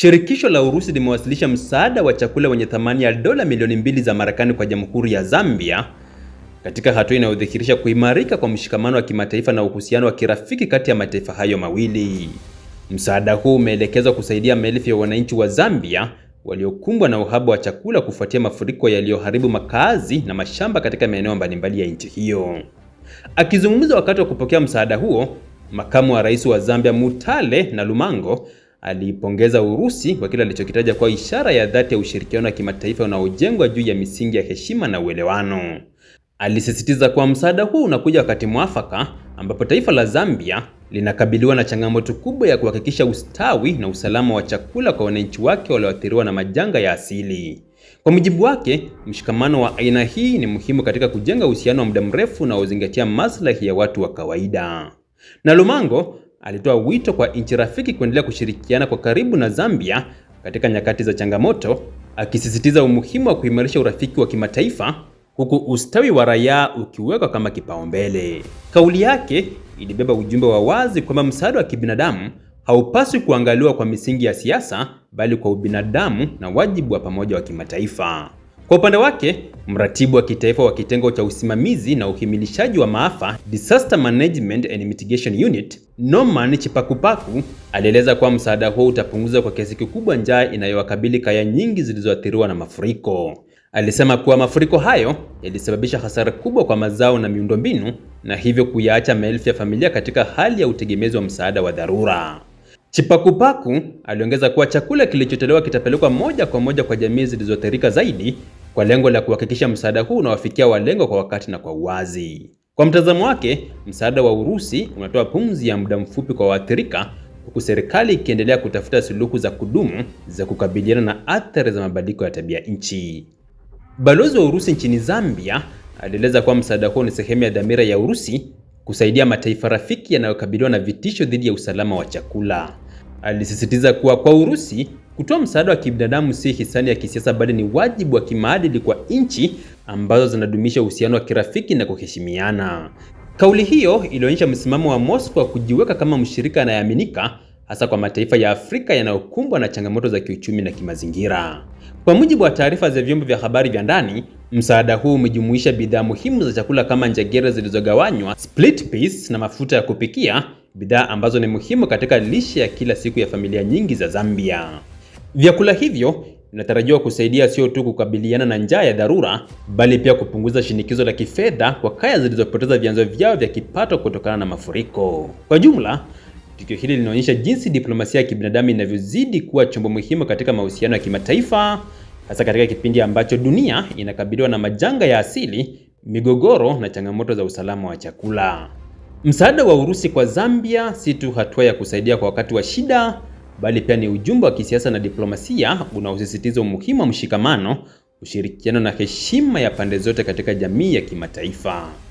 Shirikisho la Urusi limewasilisha msaada wa chakula wenye thamani ya dola milioni mbili za Marekani kwa Jamhuri ya Zambia katika hatua inayodhihirisha kuimarika kwa mshikamano wa kimataifa na uhusiano wa kirafiki kati ya mataifa hayo mawili. Msaada huu umeelekezwa kusaidia maelfu ya wananchi wa Zambia waliokumbwa na uhaba wa chakula kufuatia mafuriko yaliyoharibu makazi na mashamba katika maeneo mbalimbali ya nchi hiyo. Akizungumza wakati wa kupokea msaada huo, makamu wa rais wa Zambia Mutale na Lumango Aliipongeza Urusi kwa kile alichokitaja kwa ishara ya dhati ya ushirikiano wa kimataifa unaojengwa juu ya misingi ya heshima na uelewano. Alisisitiza kuwa msaada huu unakuja wakati mwafaka ambapo taifa la Zambia linakabiliwa na changamoto kubwa ya kuhakikisha ustawi na usalama wa chakula kwa wananchi wake walioathiriwa na majanga ya asili. Kwa mujibu wake, mshikamano wa aina hii ni muhimu katika kujenga uhusiano wa muda mrefu unaozingatia maslahi ya watu wa kawaida. Na Lumango alitoa wito kwa nchi rafiki kuendelea kushirikiana kwa karibu na Zambia katika nyakati za changamoto, akisisitiza umuhimu wa kuimarisha urafiki wa kimataifa huku ustawi wa raia ukiwekwa kama kipaumbele. Kauli yake ilibeba ujumbe wa wazi kwamba msaada wa kibinadamu haupaswi kuangaliwa kwa misingi ya siasa, bali kwa ubinadamu na wajibu wa pamoja wa kimataifa. Kwa upande wake, mratibu wa kitaifa wa kitengo cha usimamizi na uhimilishaji wa maafa, Disaster Management and Mitigation Unit, Norman Chipakupaku alieleza kuwa msaada huo utapunguza kwa kiasi kikubwa njaa inayowakabili kaya nyingi zilizoathiriwa na mafuriko. Alisema kuwa mafuriko hayo yalisababisha hasara kubwa kwa mazao na miundombinu na hivyo kuyaacha maelfu ya familia katika hali ya utegemezi wa msaada wa dharura. Chipakupaku aliongeza kuwa chakula kilichotolewa kitapelekwa moja kwa moja kwa jamii zilizoathirika zaidi kwa lengo la kuhakikisha msaada huu unawafikia walengwa kwa wakati na kwa uwazi. Kwa mtazamo wake, msaada wa Urusi unatoa pumzi ya muda mfupi kwa waathirika, huku serikali ikiendelea kutafuta suluhu za kudumu za kukabiliana na athari za mabadiliko ya tabia nchi. Balozi wa Urusi nchini Zambia alieleza kuwa msaada huo ni sehemu ya dhamira ya Urusi kusaidia mataifa rafiki yanayokabiliwa na vitisho dhidi ya usalama wa chakula. Alisisitiza kuwa kwa Urusi Kutoa msaada wa kibinadamu si hisani ya kisiasa, bali ni wajibu wa kimaadili kwa nchi ambazo zinadumisha uhusiano wa kirafiki na kuheshimiana. Kauli hiyo ilionyesha msimamo wa Moscow wa kujiweka kama mshirika anayeaminika hasa kwa mataifa ya Afrika yanayokumbwa na changamoto za kiuchumi na kimazingira. Kwa mujibu wa taarifa za vyombo vya habari vya ndani, msaada huu umejumuisha bidhaa muhimu za chakula kama njegere zilizogawanywa, split peas na mafuta ya kupikia, bidhaa ambazo ni muhimu katika lishe ya kila siku ya familia nyingi za Zambia. Vyakula hivyo vinatarajiwa kusaidia sio tu kukabiliana na njaa ya dharura, bali pia kupunguza shinikizo la kifedha kwa kaya zilizopoteza vyanzo vyao vya kipato kutokana na mafuriko. Kwa jumla, tukio hili linaonyesha jinsi diplomasia ya kibinadamu inavyozidi kuwa chombo muhimu katika mahusiano ya kimataifa, hasa katika kipindi ambacho dunia inakabiliwa na majanga ya asili, migogoro na changamoto za usalama wa chakula. Msaada wa Urusi kwa Zambia si tu hatua ya kusaidia kwa wakati wa shida bali pia ni ujumbe wa kisiasa na diplomasia unaosisitiza umuhimu wa mshikamano, ushirikiano na heshima ya pande zote katika jamii ya kimataifa.